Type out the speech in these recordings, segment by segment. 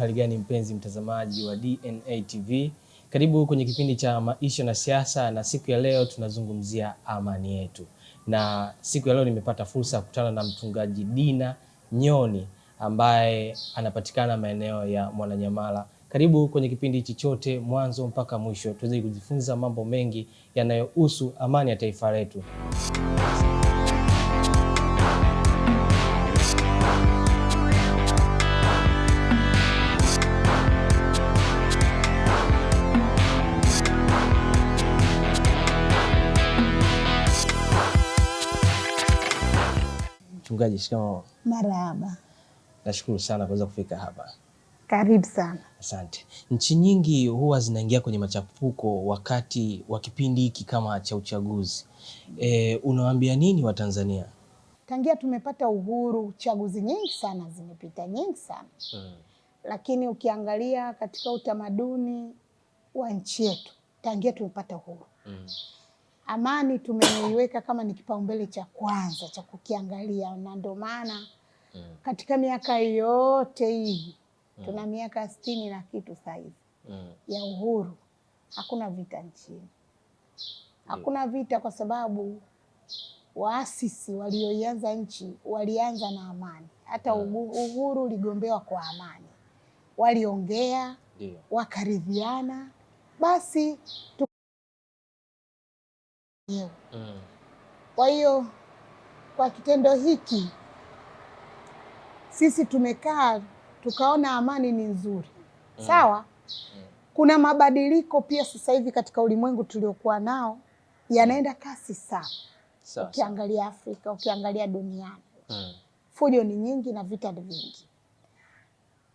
hali gani mpenzi mtazamaji wa DNA TV, karibu kwenye kipindi cha maisha na siasa, na siku ya leo tunazungumzia amani yetu, na siku ya leo nimepata fursa ya kukutana na mchungaji Dina Nyoni ambaye anapatikana maeneo ya Mwananyamala. Karibu kwenye kipindi hichi chote mwanzo mpaka mwisho tuweze kujifunza mambo mengi yanayohusu amani ya taifa letu. Mchungaji, shikamoo. Marahaba. Nashukuru sana kuweza kufika hapa. Karibu sana. Asante. Nchi nyingi huwa zinaingia kwenye machafuko wakati wa kipindi hiki kama cha uchaguzi. E, unawaambia nini Watanzania? Tangia tumepata uhuru, chaguzi nyingi sana zimepita, nyingi sana hmm. Lakini ukiangalia katika utamaduni wa nchi yetu tangia tumepata uhuru hmm amani tumeiweka kama ni kipaumbele cha kwanza cha kukiangalia, na ndio maana mm. katika miaka yote hii mm. tuna miaka sitini na kitu sahizi mm. ya uhuru, hakuna vita nchini, hakuna vita kwa sababu waasisi walioianza nchi walianza na amani. Hata uhuru uligombewa kwa amani, waliongea wakaridhiana, basi tu Mm. mm. Kwa hiyo kwa kitendo hiki sisi tumekaa tukaona amani ni nzuri mm. Sawa mm. Kuna mabadiliko pia sasa hivi katika ulimwengu tuliokuwa nao yanaenda kasi sana Sasa. Ukiangalia Afrika, ukiangalia duniani mm. fujo ni nyingi na vita ni vingi.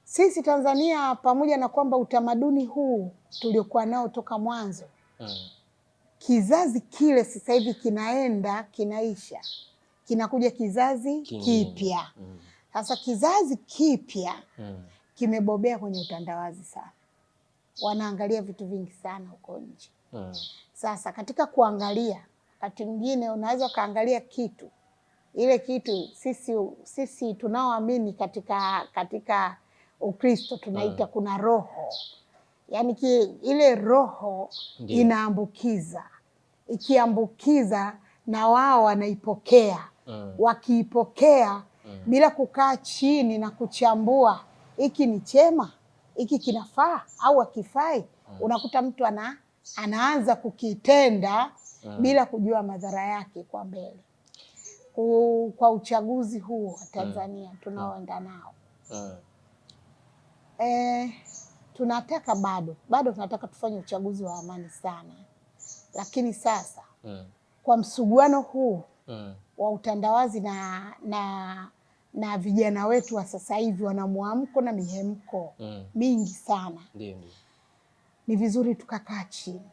Sisi Tanzania, pamoja na kwamba utamaduni huu tuliokuwa nao toka mwanzo mm kizazi kile sasa hivi kinaenda kinaisha, kinakuja kizazi kipya. Mm. Sasa kizazi kipya mm. kimebobea kwenye utandawazi sana, wanaangalia vitu vingi sana huko nje mm. Sasa katika kuangalia, wakati mwingine unaweza ukaangalia kitu ile kitu sisi sisi tunaoamini katika katika Ukristo tunaita kuna roho yani ki, ile roho Ndiyo. inaambukiza ikiambukiza na wao wanaipokea mm. wakiipokea mm. bila kukaa chini na kuchambua hiki ni chema hiki kinafaa au akifai mm. unakuta mtu ana, anaanza kukitenda mm. bila kujua madhara yake kwa mbele kwa uchaguzi huu wa mm. Tanzania mm. tunaoenda nao mm. eh, tunataka bado bado tunataka tufanye uchaguzi wa amani sana, lakini sasa mm. kwa msuguano huu mm. wa utandawazi na na na vijana wetu wa sasa hivi wana mwamko na mihemko mm. mingi sana. Ndiyo. Ni vizuri tukakaa chini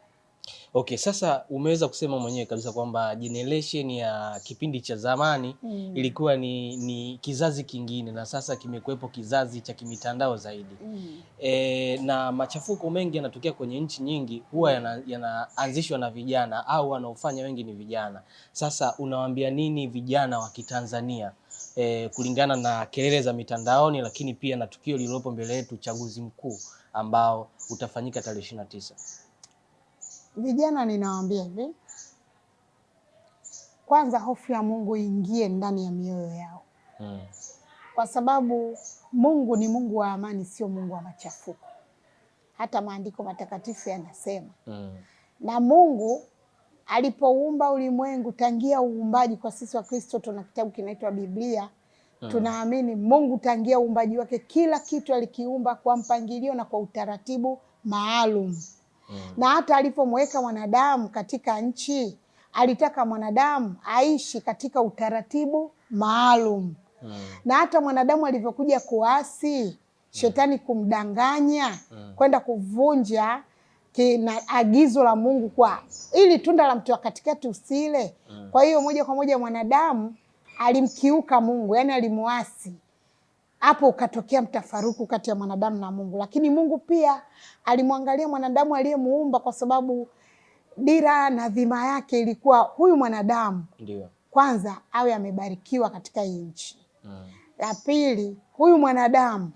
Okay, sasa umeweza kusema mwenyewe kabisa kwamba generation ya kipindi cha zamani mm. ilikuwa ni, ni kizazi kingine na sasa kimekuwepo kizazi cha kimitandao zaidi mm. E, na machafuko mengi yanatokea kwenye nchi nyingi huwa mm. yanaanzishwa yana na vijana au wanaofanya wengi ni vijana. Sasa unawaambia nini vijana wa Kitanzania e, kulingana na kelele za mitandaoni, lakini pia na tukio lililopo mbele yetu, uchaguzi mkuu ambao utafanyika tarehe 29? Vijana ninawaambia hivi, kwanza hofu ya Mungu ingie ndani ya mioyo yao hmm. Kwa sababu Mungu ni Mungu wa amani, sio Mungu wa machafuko. Hata maandiko matakatifu yanasema hmm. Na Mungu alipoumba ulimwengu, tangia uumbaji, kwa sisi wa Kristo tuna kitabu kinaitwa Biblia hmm. Tunaamini Mungu tangia uumbaji wake kila kitu alikiumba kwa mpangilio na kwa utaratibu maalum mm. na hata alipomweka mwanadamu katika nchi alitaka mwanadamu aishi katika utaratibu maalum mm. na hata mwanadamu alivyokuja kuasi mm. shetani kumdanganya mm. kwenda kuvunja kina agizo la Mungu kwa ili tunda la mti wa katikati usile mm. kwa hiyo moja kwa moja mwanadamu alimkiuka Mungu, yani alimwasi hapo ukatokea mtafaruku kati ya mwanadamu na Mungu. Lakini Mungu pia alimwangalia mwanadamu aliyemuumba, kwa sababu dira na dhima yake ilikuwa huyu mwanadamu Ndiyo. kwanza awe amebarikiwa katika hii nchi mm. La pili huyu mwanadamu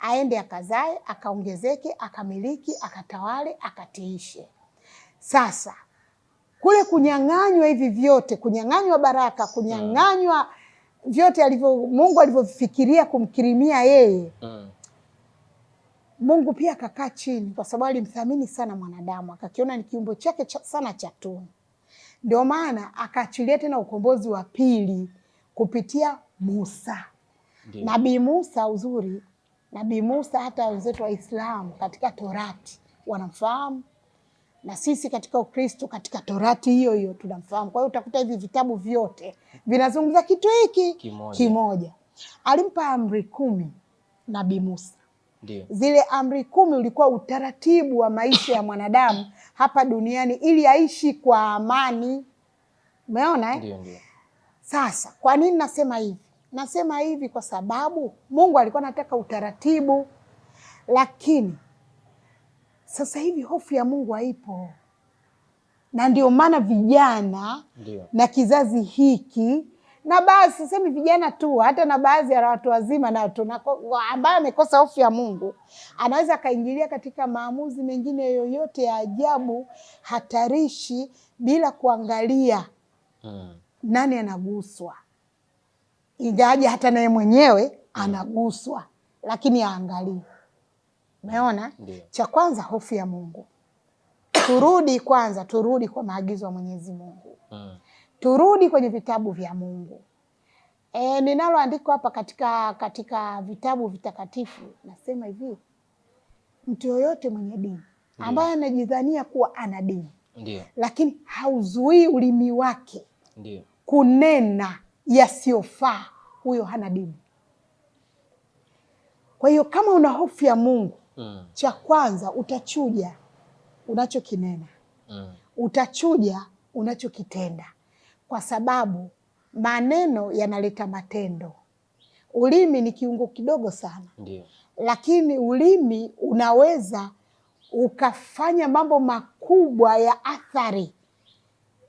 aende akazae, akaongezeke, akamiliki, akatawale, akatiishe. Sasa kule kunyang'anywa hivi vyote, kunyang'anywa baraka, kunyang'anywa mm vyote alivyo Mungu alivyofikiria kumkirimia yeye mm. Mungu pia akakaa chini, kwa sababu alimthamini sana mwanadamu, akakiona ni kiumbe chake cha, sana cha tunu. Ndio maana akaachilia tena ukombozi wa pili kupitia Musa. Nabii Musa, uzuri Nabii Musa hata wenzetu Waislamu katika Torati wanamfahamu na sisi katika Ukristo, katika Torati hiyo hiyo tunamfahamu. Kwa hiyo utakuta hivi vitabu vyote vinazungumza kitu hiki kimoja, kimoja. Alimpa amri kumi Nabii Musa. Ndiyo. Zile amri kumi ulikuwa utaratibu wa maisha ya mwanadamu hapa duniani ili aishi kwa amani. Umeona eh? Ndiyo, ndiyo. Sasa kwa nini nasema hivi? Nasema hivi kwa sababu Mungu alikuwa anataka utaratibu, lakini sasa hivi hofu ya Mungu haipo, na ndio maana vijana Ndiyo. na kizazi hiki na basi, sisemi vijana tu, hata na baadhi ya watu wazima na ambaye amekosa hofu ya Mungu anaweza akaingilia katika maamuzi mengine yoyote ya ajabu hatarishi bila kuangalia hmm, nani anaguswa, ingawaje hata naye mwenyewe anaguswa, lakini aangalie Umeona? Cha kwanza hofu ya Mungu. Turudi kwanza, turudi kwa maagizo ya Mwenyezi Mungu. Mm. Turudi kwenye vitabu vya Mungu. E, ninaloandika hapa katika katika vitabu vitakatifu nasema hivi. Mtu yoyote mwenye dini ambaye anajidhania kuwa ana dini. Lakini hauzuii ulimi wake. Ndiyo. Kunena yasiyofaa, huyo hana dini. Kwa hiyo kama una hofu ya Mungu mm. Cha kwanza utachuja unachokinena mm. Utachuja unachokitenda kwa sababu maneno yanaleta matendo. Ulimi ni kiungo kidogo sana. Ndiyo. Lakini ulimi unaweza ukafanya mambo makubwa ya athari.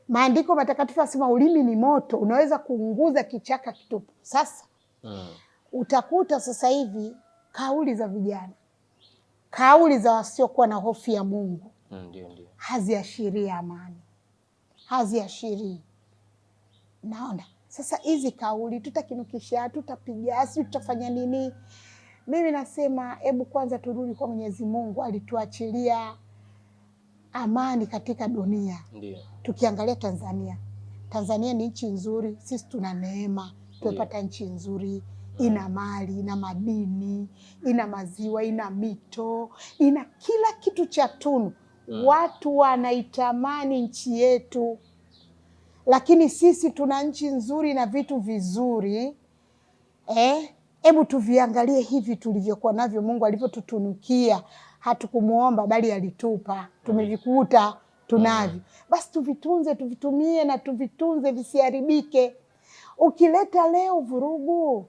Maandiko matakatifu asema ulimi ni moto, unaweza kuunguza kichaka kitupu. Sasa mm. utakuta sasa hivi kauli za vijana kauli za wasiokuwa na hofu ya Mungu mm, ndio ndio haziashirii amani, haziashirii naona sasa hizi kauli tutakinukisha, tutapiga, si tutafanya nini? Mimi nasema hebu kwanza turudi kwa Mwenyezi Mungu, alituachilia amani katika dunia. Ndiyo. Tukiangalia Tanzania, Tanzania ni nchi nzuri, sisi tuna neema, tumepata nchi nzuri ina mali, ina madini, ina maziwa, ina mito, ina kila kitu cha tunu. Mm. Watu wanaitamani nchi yetu, lakini sisi tuna nchi nzuri na vitu vizuri eh? Hebu tuviangalie hivi tulivyokuwa navyo, Mungu alivyotutunukia. Hatukumuomba bali alitupa, tumevikuta tunavyo, mm. basi tuvitunze, tuvitumie na tuvitunze visiharibike. Ukileta leo vurugu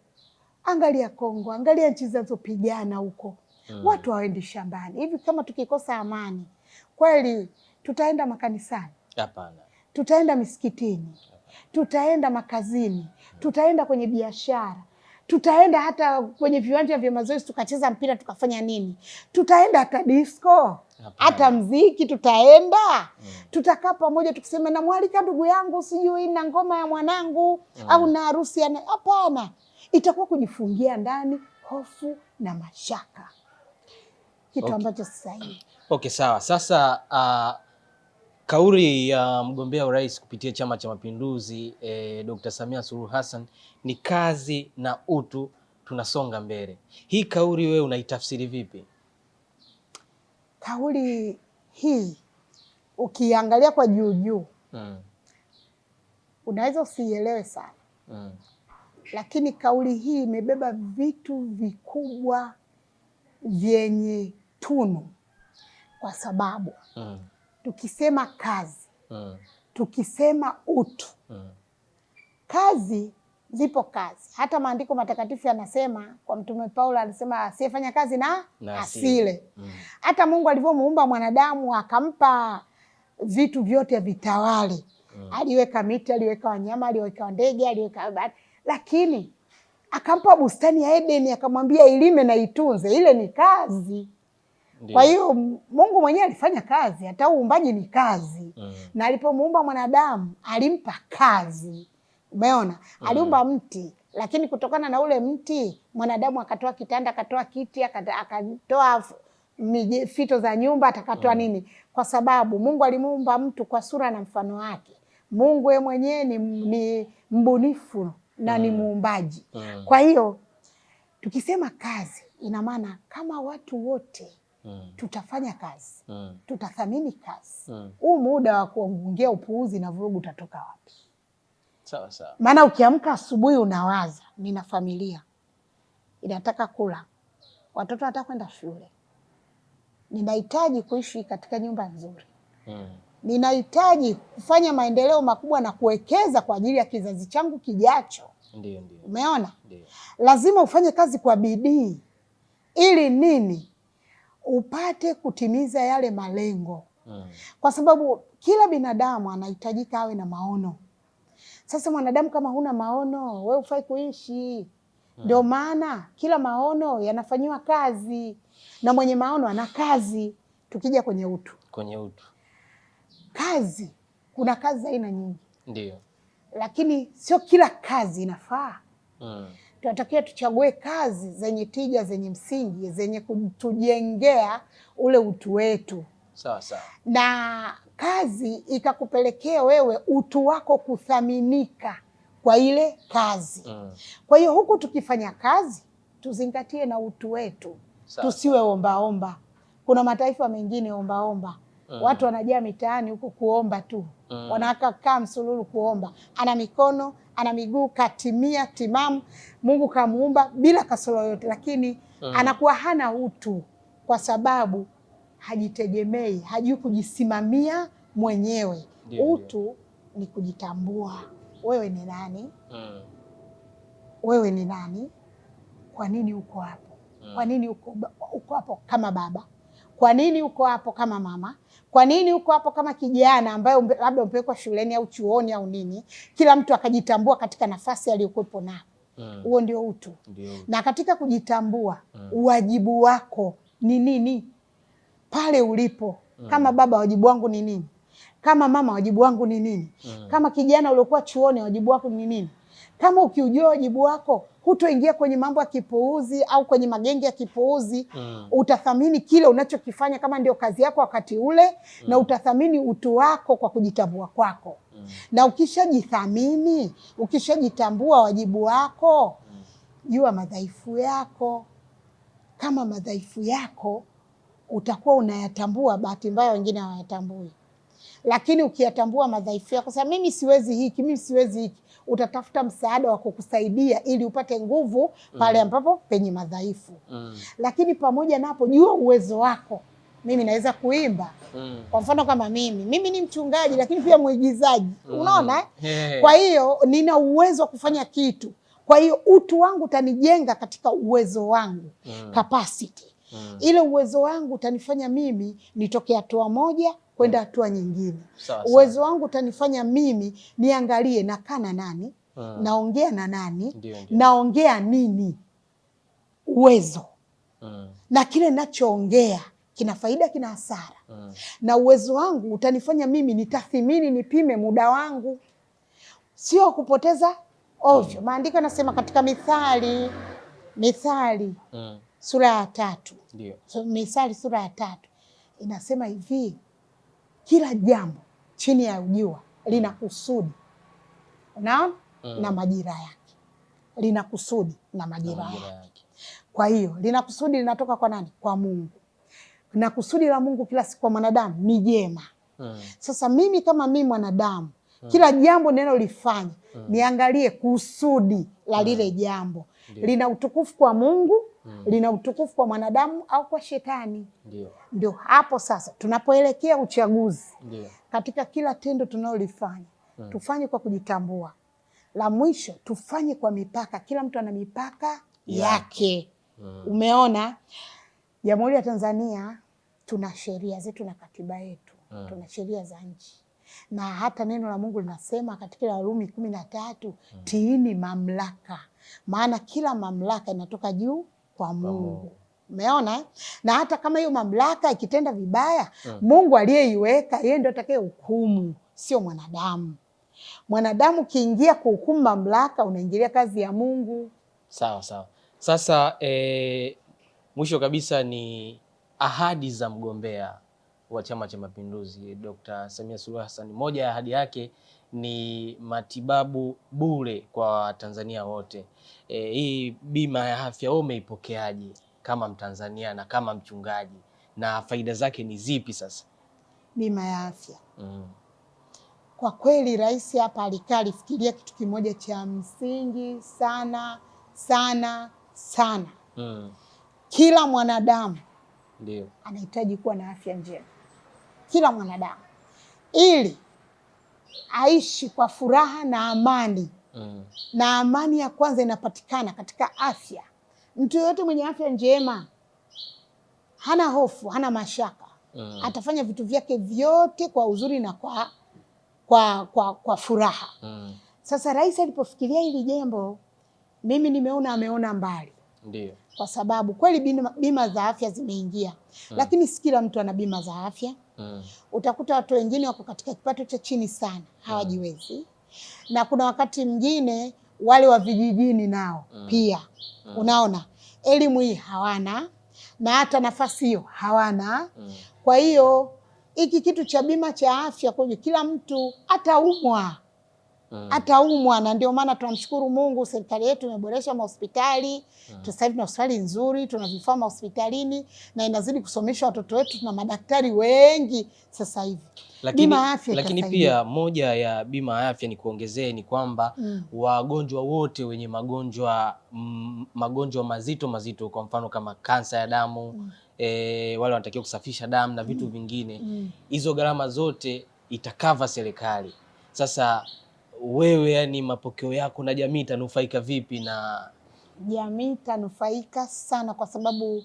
Angalia Kongo, angalia nchi zinazopigana huko mm. watu hawaendi shambani. Hivi kama tukikosa amani kweli, tutaenda makanisani? Hapana. Tutaenda misikitini? Tutaenda makazini? Tutaenda kwenye biashara? Tutaenda hata kwenye viwanja vya mazoezi tukacheza mpira tukafanya nini? Tutaenda hata disco hata mziki tutaenda mm. Tutakaa pamoja tukisema, namwalika ndugu yangu, sijui na ngoma ya mwanangu mm. au na harusi. Hapana itakuwa kujifungia ndani hofu na mashaka, kitu okay, ambacho si sahihi. Okay, sawa. Sasa uh, kauli ya uh, mgombea urais kupitia Chama cha Mapinduzi eh, Dr. Samia Suluhu Hassan ni kazi na utu, tunasonga mbele. Hii kauli wewe unaitafsiri vipi? Kauli hii ukiangalia kwa juu juu, mm. unaweza usielewe sana mm. Lakini kauli hii imebeba vitu vikubwa vyenye tunu, kwa sababu mm. tukisema kazi mm. tukisema utu mm. kazi zipo kazi. Hata maandiko matakatifu yanasema, kwa Mtume Paulo alisema asiyefanya kazi na, na asile mm. hata Mungu alivyomuumba mwanadamu akampa vitu vyote vitawale mm. aliweka miti, aliweka wanyama, aliweka ndege, aliweka lakini akampa bustani ya Edeni akamwambia ilime na itunze. Ile ni kazi. Ndiyo. Kwa hiyo Mungu mwenyewe alifanya kazi, hata uumbaji ni kazi mm. na alipomuumba mwanadamu alimpa kazi, umeona mm. aliumba mti, lakini kutokana na ule mti mwanadamu akatoa kitanda, akatoa kiti, akatoa fito za nyumba, atakatoa mm. nini, kwa sababu Mungu alimuumba mtu kwa sura na mfano wake. Mungu yeye mwenyewe ni, ni mbunifu na ni mm. muumbaji. Mm. Kwa hiyo tukisema kazi, ina maana kama watu wote mm. tutafanya kazi, tutathamini kazi, huu muda wa kuongea upuuzi na vurugu utatoka wapi? Sawa sawa. Maana ukiamka asubuhi unawaza, nina familia inataka kula, watoto wanataka kwenda shule, ninahitaji kuishi katika nyumba nzuri mm. ninahitaji kufanya maendeleo makubwa na kuwekeza kwa ajili ya kizazi changu kijacho Ndiyo, ndiyo. Umeona? Ndiyo. Lazima ufanye kazi kwa bidii ili nini upate kutimiza yale malengo mm. Kwa sababu kila binadamu anahitajika awe na maono. Sasa mwanadamu kama huna maono, we ufai kuishi hmm. ndio maana kila maono yanafanyiwa kazi na mwenye maono ana kazi. Tukija kwenye utu, kwenye utu kazi, kuna kazi aina nyingi, ndio lakini sio kila kazi inafaa mm. Tunatakiwa tuchague kazi zenye tija, zenye msingi, zenye kutujengea ule utu wetu sawa sawa, na kazi ikakupelekea wewe utu wako kuthaminika kwa ile kazi mm. Kwa hiyo huku tukifanya kazi tuzingatie na utu wetu, tusiwe ombaomba omba. Kuna mataifa mengine ombaomba omba mm. Watu wanajaa mitaani huku kuomba tu mm. Wanawaka msululu kuomba, ana mikono ana miguu katimia timamu, Mungu kamuumba bila kasoro yote, lakini mm. anakuwa hana utu kwa sababu hajitegemei, hajui kujisimamia mwenyewe. yeah, utu yeah. Ni kujitambua wewe ni nani mm. Wewe ni nani? Kwa nini uko hapo? Kwa nini uko, uko hapo kama baba? Kwa nini uko hapo kama mama? Kwa nini uko hapo kama kijana ambaye umbe, labda umepelekwa shuleni au chuoni au nini, kila mtu akajitambua katika nafasi aliyokuwepo nayo mm. huo hmm. Ndio utu. Ndiyo. Na katika kujitambua hmm. Wajibu wako ni nini pale ulipo hmm. Kama baba wajibu wangu ni nini? Kama mama wajibu wangu ni nini? hmm. Kama kijana uliokuwa chuoni wajibu wako ni nini? Kama ukiujua wajibu wako hutoingia kwenye mambo ya kipuuzi au kwenye magenge ya kipuuzi mm. Utathamini kile unachokifanya kama ndio kazi yako wakati ule mm. Na utathamini utu wako kwa kujitambua kwako mm. Na ukishajithamini, ukishajitambua wajibu wako, mm. jua madhaifu yako. Kama madhaifu yako utakuwa unayatambua, bahati mbaya wengine hawayatambui, lakini ukiyatambua madhaifu yako, sasa mimi siwezi hiki, mimi siwezi hiki utatafuta msaada wa kukusaidia ili upate nguvu pale mm. ambapo penye madhaifu mm. Lakini pamoja na hapo, jua uwezo wako. Mimi naweza kuimba mm. Kwa mfano kama mimi mimi ni mchungaji lakini pia mwigizaji mm. Unaona Kwa hiyo nina uwezo wa kufanya kitu, kwa hiyo utu wangu utanijenga katika uwezo wangu mm. capacity mm. Ile uwezo wangu utanifanya mimi nitoke hatua moja kwenda hatua nyingine. Uwezo wangu utanifanya mimi niangalie nakaa na nani, hmm. naongea na nani, naongea nini, uwezo hmm. na kile nachoongea kina faida, kina hasara hmm. na uwezo wangu utanifanya mimi nitathimini, nipime muda wangu, sio kupoteza ovyo. Mm. Maandiko yanasema katika Mithali, Mithali hmm. sura ya tatu, so, Mithali sura ya tatu inasema hivi kila jambo chini ya jua lina kusudi, unaona mm. na majira yake, lina kusudi na majira yake. yake. Kwa hiyo lina kusudi linatoka kwa nani? Kwa Mungu, na kusudi la Mungu kila siku kwa mwanadamu ni jema mm. Sasa mimi kama mimi mwanadamu mm. kila jambo ninalolifanya mm. niangalie kusudi la mm. lile jambo Ndiyo. lina utukufu kwa Mungu mm. lina utukufu kwa mwanadamu au kwa shetani. Ndio hapo sasa tunapoelekea uchaguzi. Ndiyo. katika kila tendo tunalolifanya mm. tufanye kwa kujitambua. La mwisho tufanye kwa mipaka, kila mtu ana mipaka yeah. yake mm. Umeona, Jamhuri ya Tanzania tuna sheria zetu na katiba yetu mm. tuna sheria za nchi na hata neno la Mungu linasema katika Warumi kumi na tatu mm. tiini mamlaka maana kila mamlaka inatoka juu kwa Mungu. Umeona, na hata kama hiyo mamlaka ikitenda vibaya hmm. Mungu aliyeiweka yeye ndio atakaye hukumu, sio mwanadamu. Mwanadamu ukiingia kuhukumu mamlaka, unaingilia kazi ya Mungu. Sawa sawa. Sasa e, mwisho kabisa ni ahadi za mgombea wa Chama cha Mapinduzi Dr. Samia Suluhu Hassan. Moja ya ahadi yake ni matibabu bure kwa Watanzania wote. E, hii bima ya afya wewe umeipokeaje kama Mtanzania na kama mchungaji na faida zake ni zipi? Sasa bima ya afya mm. Kwa kweli rais hapa alikaa alifikiria kitu kimoja cha msingi sana sana sana mm. Kila mwanadamu ndio anahitaji kuwa na afya njema, kila mwanadamu ili aishi kwa furaha na amani mm. na amani ya kwanza inapatikana katika afya. Mtu yoyote mwenye afya njema hana hofu, hana mashaka mm. atafanya vitu vyake vyote kwa uzuri na kwa, kwa, kwa, kwa furaha mm. Sasa rais alipofikiria hili jambo, mimi nimeona ameona mbali, Ndiyo. kwa sababu kweli bima, bima za afya zimeingia mm. lakini si kila mtu ana bima za afya mm. Utakuta watu wengine wako katika kipato cha chini sana hawajiwezi mm. na kuna wakati mwingine wale wa vijijini nao mm. pia mm. unaona elimu hii hawana na hata nafasi hiyo hawana mm. kwa hiyo hiki kitu cha bima cha afya kwenye kila mtu hata mm mm. umwa na ndio maana tunamshukuru Mungu, serikali yetu imeboresha mahospitali mm. sasa hivi tuna hospitali nzuri, tuna vifaa mahospitalini na inazidi kusomesha watoto wetu, tuna madaktari wengi sasa hivi. Lakini, bima afya lakini pia moja ya bima afya ni kuongezee ni kwamba mm. wagonjwa wote wenye magonjwa magonjwa mazito mazito kwa mfano kama kansa ya damu mm. e, wale wanatakiwa kusafisha damu na vitu mm. vingine mm. hizo mm. gharama zote itakava serikali. Sasa wewe, yani mapokeo yako na jamii itanufaika vipi? Na jamii itanufaika sana, kwa sababu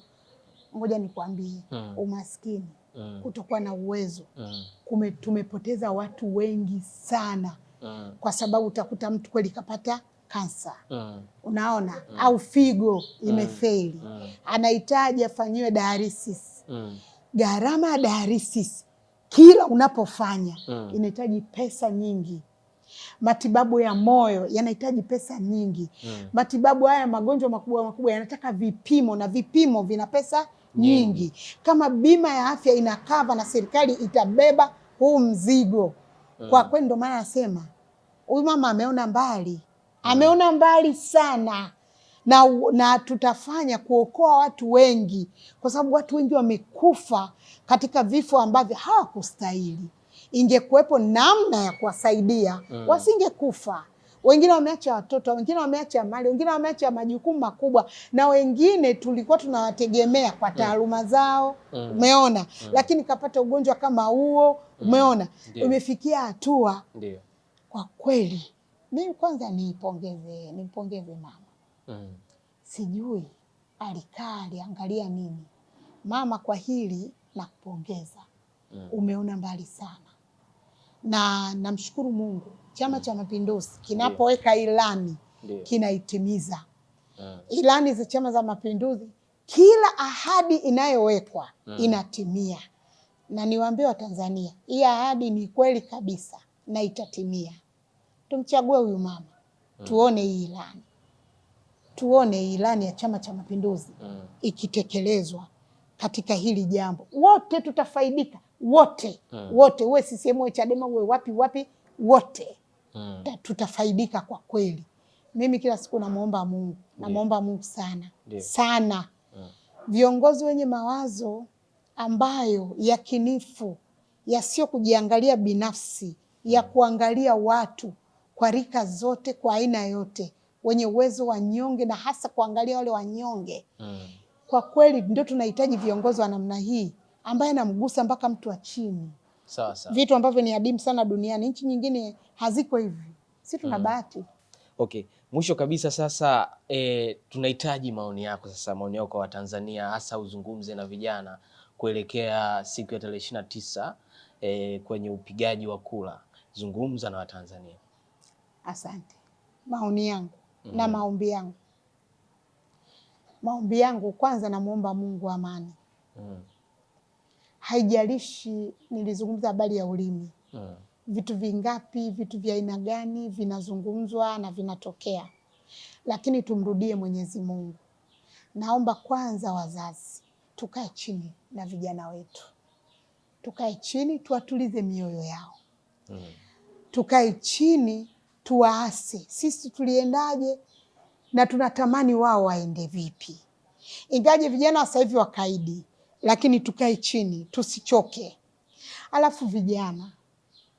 ngoja nikwambie, hmm. umaskini hmm. kutokuwa na uwezo hmm. kume, tumepoteza watu wengi sana hmm. kwa sababu utakuta mtu kweli kapata kansa mm. unaona mm. au figo imefeli mm. mm. anahitaji afanyiwe dialysis mm. gharama ya dialysis kila unapofanya mm. inahitaji pesa nyingi Matibabu ya moyo yanahitaji pesa nyingi mm. Matibabu haya magonjwa makubwa makubwa yanataka vipimo na vipimo vina pesa nyingi, mm. Kama bima ya afya inakava na serikali itabeba huu mzigo mm. Kwa kweli ndio maana nasema huyu mama ameona mbali, mm. ameona mbali sana na, na tutafanya kuokoa watu wengi, kwa sababu watu wengi wamekufa katika vifo ambavyo hawakustahili ingekuwepo namna ya kuwasaidia mm. wasingekufa. Wengine wameacha watoto, wengine wameacha mali, wengine wameacha majukumu makubwa, na wengine tulikuwa tunawategemea kwa mm. taaluma zao mm. umeona mm. lakini kapata ugonjwa kama huo mm. umeona mm. umefikia hatua Kwa kweli mimi kwanza nipongeze nimpongeze mama mm. sijui alikaa aliangalia nini mama, kwa hili nakupongeza mm. umeona mbali sana na namshukuru Mungu Chama cha Mapinduzi kinapoweka ilani kinaitimiza. Ah. Ilani za Chama za Mapinduzi, kila ahadi inayowekwa ah. inatimia na niwaambie Watanzania, hii ahadi ni kweli kabisa na itatimia. Tumchague huyu mama ah. tuone hii ilani, tuone hii ilani ya Chama cha Mapinduzi ikitekelezwa katika hili jambo, wote tutafaidika wote hmm. wote, uwe CCM uwe Chadema uwe wapi wapi, wote hmm. Eh, tutafaidika kwa kweli. Mimi kila siku namuomba Mungu, namuomba Mungu sana Deo. sana hmm. viongozi wenye mawazo ambayo yakinifu yasiyo kujiangalia binafsi ya hmm. kuangalia watu kwa rika zote kwa aina yote, wenye uwezo wanyonge na hasa kuangalia wale wanyonge mm. Kwa kweli ndio tunahitaji viongozi wa namna hii ambaye anamgusa mpaka mtu wa chini sawa sawa, vitu ambavyo ni adimu sana duniani, nchi nyingine haziko hivi, si tuna mm. bahati mm. Okay, mwisho kabisa sasa e, tunahitaji maoni yako sasa, maoni yako kwa Watanzania, hasa uzungumze na vijana kuelekea siku ya tarehe ishirini na tisa e, kwenye upigaji wa kura, zungumza na Watanzania. Asante. Maoni yangu mm -hmm. na mm-hmm. maombi yangu, maombi yangu kwanza, namwomba Mungu amani mm haijalishi nilizungumza habari ya ulimi hmm. Vitu vingapi, vitu vya aina gani vinazungumzwa na vinatokea, lakini tumrudie Mwenyezi Mungu. Naomba kwanza wazazi tukae chini na vijana wetu, tukae chini tuwatulize mioyo yao hmm. Tukae chini tuwaase sisi tuliendaje na tunatamani wao waende vipi, ingaje vijana wasahivi wakaidi lakini tukae chini, tusichoke. Alafu vijana,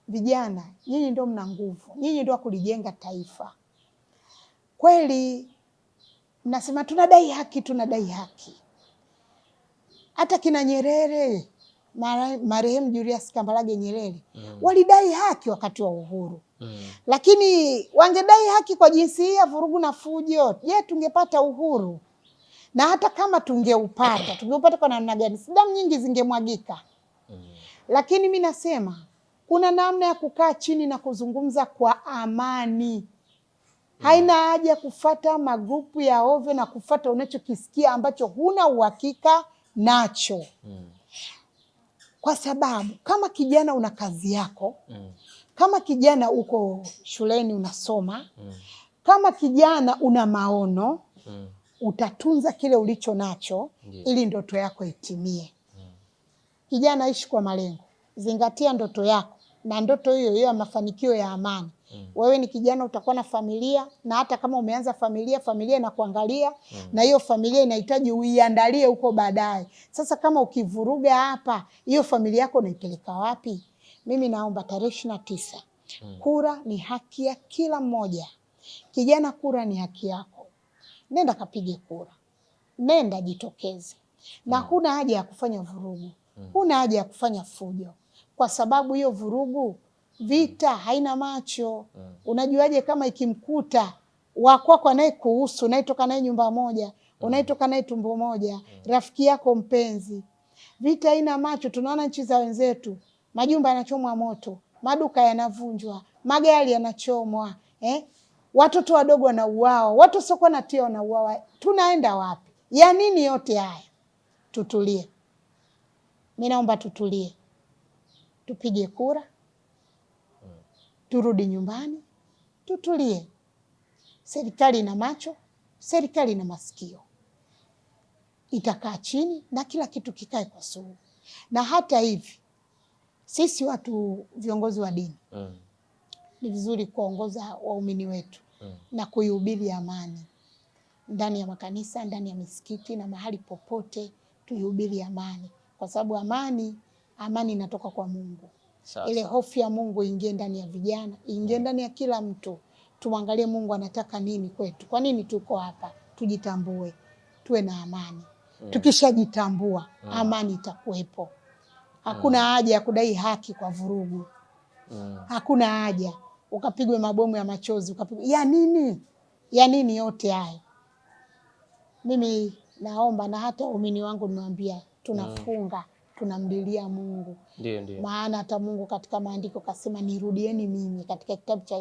vijana nyinyi ndio mna nguvu, nyinyi ndio kulijenga taifa. Kweli nasema tunadai haki, tunadai haki. Hata kina Nyerere, marehemu Julius Kambarage Nyerere mm. walidai haki wakati wa uhuru mm. lakini wangedai haki kwa jinsi hii ya vurugu na fujo, je, tungepata uhuru? na hata kama tungeupata tungeupata kwa namna gani? Si damu nyingi zingemwagika. Mm. Lakini mi nasema kuna namna ya kukaa chini na kuzungumza kwa amani. Haina mm. haja ya kufata magrupu ya ovyo na kufata unachokisikia ambacho huna uhakika nacho, mm. kwa sababu kama kijana una kazi yako, kama kijana uko shuleni unasoma, kama kijana una maono utatunza kile ulicho nacho yeah. ili ndoto yako itimie yeah. Hmm. Kijana, ishi kwa malengo, zingatia ndoto yako na ndoto hiyo hiyo ya mafanikio ya amani mm. Wewe ni kijana, utakuwa na familia, na hata kama umeanza familia, familia inakuangalia mm. na hiyo familia inahitaji uiandalie huko baadaye. Sasa kama ukivuruga hapa, hiyo familia yako unaipeleka wapi? Mimi naomba tarehe ishirini na tisa, hmm. kura ni haki ya kila mmoja kijana, kura ni haki yako nenda kapige kura, nenda jitokeze, na mm. huna haja ya kufanya vurugu, mm. huna haja ya kufanya fujo, kwa sababu hiyo vurugu, vita mm. haina macho. Unajuaje kama ikimkuta wakwako anayekuhusu, kuhusu naye nyumba moja, unayetoka naye tumbo moja, rafiki yako mpenzi? Vita haina macho. Tunaona nchi za wenzetu, majumba yanachomwa moto, maduka yanavunjwa, magari yanachomwa eh? watoto wadogo wanauawa, watu wasiokuwa na hatia wanauawa. Tunaenda wapi? Ya nini yote haya? Tutulie, mi naomba tutulie, tupige kura, turudi nyumbani, tutulie. Serikali ina macho, serikali ina masikio, itakaa chini na kila kitu kikae kwa suluhu. Na hata hivi sisi watu viongozi wa dini mm. ni vizuri kuongoza waumini wetu na kuihubiri amani ndani ya makanisa, ndani ya misikiti na mahali popote, tuihubiri amani, kwa sababu amani, amani inatoka kwa Mungu. Sasa, ile hofu ya Mungu ingie ndani ya vijana, ingie mm. ndani ya kila mtu. Tumwangalie Mungu anataka nini kwetu, kwa nini tuko hapa, tujitambue, tuwe na amani mm. Tukishajitambua mm. amani itakuwepo. Mm. Hakuna haja ya kudai haki kwa vurugu mm. Hakuna haja ukapigwe mabomu ya machozi, ukapigwa ya nini ya nini? Yote hayo mimi naomba, na hata waumini wangu nimewambia, tunafunga tunamlilia Mungu. Ndiyo, ndiyo. Maana hata Mungu katika maandiko kasema, nirudieni mimi, katika kitabu cha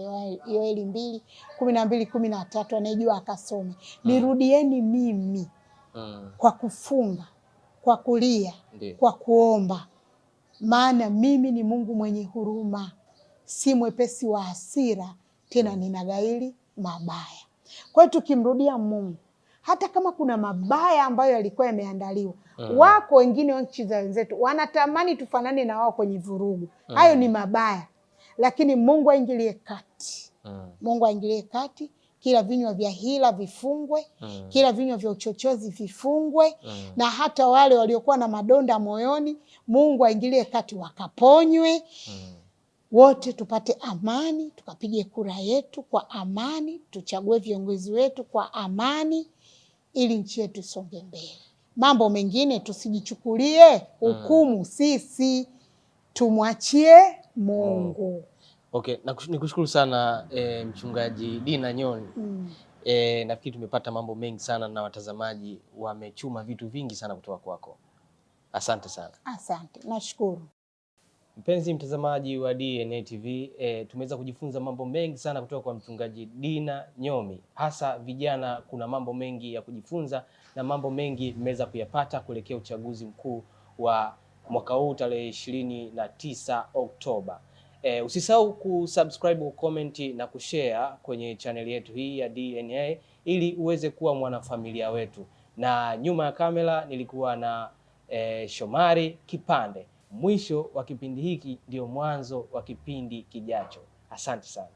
Yoeli mbili kumi na mbili kumi na tatu anayejua akasome. Mm. Nirudieni mimi mm. kwa kufunga, kwa kulia, ndiyo. kwa kuomba, maana mimi ni Mungu mwenye huruma si mwepesi wa hasira, tena mm. ninagairi mabaya. Kwa hiyo tukimrudia Mungu hata kama kuna mabaya ambayo yalikuwa yameandaliwa uh-huh. Wako wengine wa nchi za wenzetu wanatamani tufanane na wao kwenye vurugu uh-huh. Hayo ni mabaya, lakini Mungu aingilie kati uh-huh. Mungu aingilie kati, kila vinywa vya hila vifungwe mm. Kila vinywa vya uchochozi vifungwe mm. Na hata wale waliokuwa na madonda moyoni Mungu aingilie kati wakaponywe mm wote tupate amani, tukapige kura yetu kwa amani, tuchague viongozi wetu kwa amani, ili nchi yetu isonge mbele. Mambo mengine tusijichukulie hmm. hukumu hmm. Sisi tumwachie Mungu hmm. Okay, nikushukuru sana e, Mchungaji Dina Nyoni hmm. E, nafikiri tumepata mambo mengi sana na watazamaji wamechuma vitu vingi sana kutoka kwako. Asante sana. Asante, nashukuru. Mpenzi mtazamaji wa DNA TV e, eh, tumeweza kujifunza mambo mengi sana kutoka kwa mchungaji Dina Nyomi. Hasa vijana, kuna mambo mengi ya kujifunza na mambo mengi mmeweza kuyapata kuelekea uchaguzi mkuu wa mwaka huu tarehe ishirini na tisa Oktoba. E, usisahau kusubscribe, comment na kushare kwenye chaneli yetu hii ya DNA ili uweze kuwa mwanafamilia wetu, na nyuma ya kamera nilikuwa na e, Shomari Kipande. Mwisho wa kipindi hiki ndio mwanzo wa kipindi kijacho. Asante sana.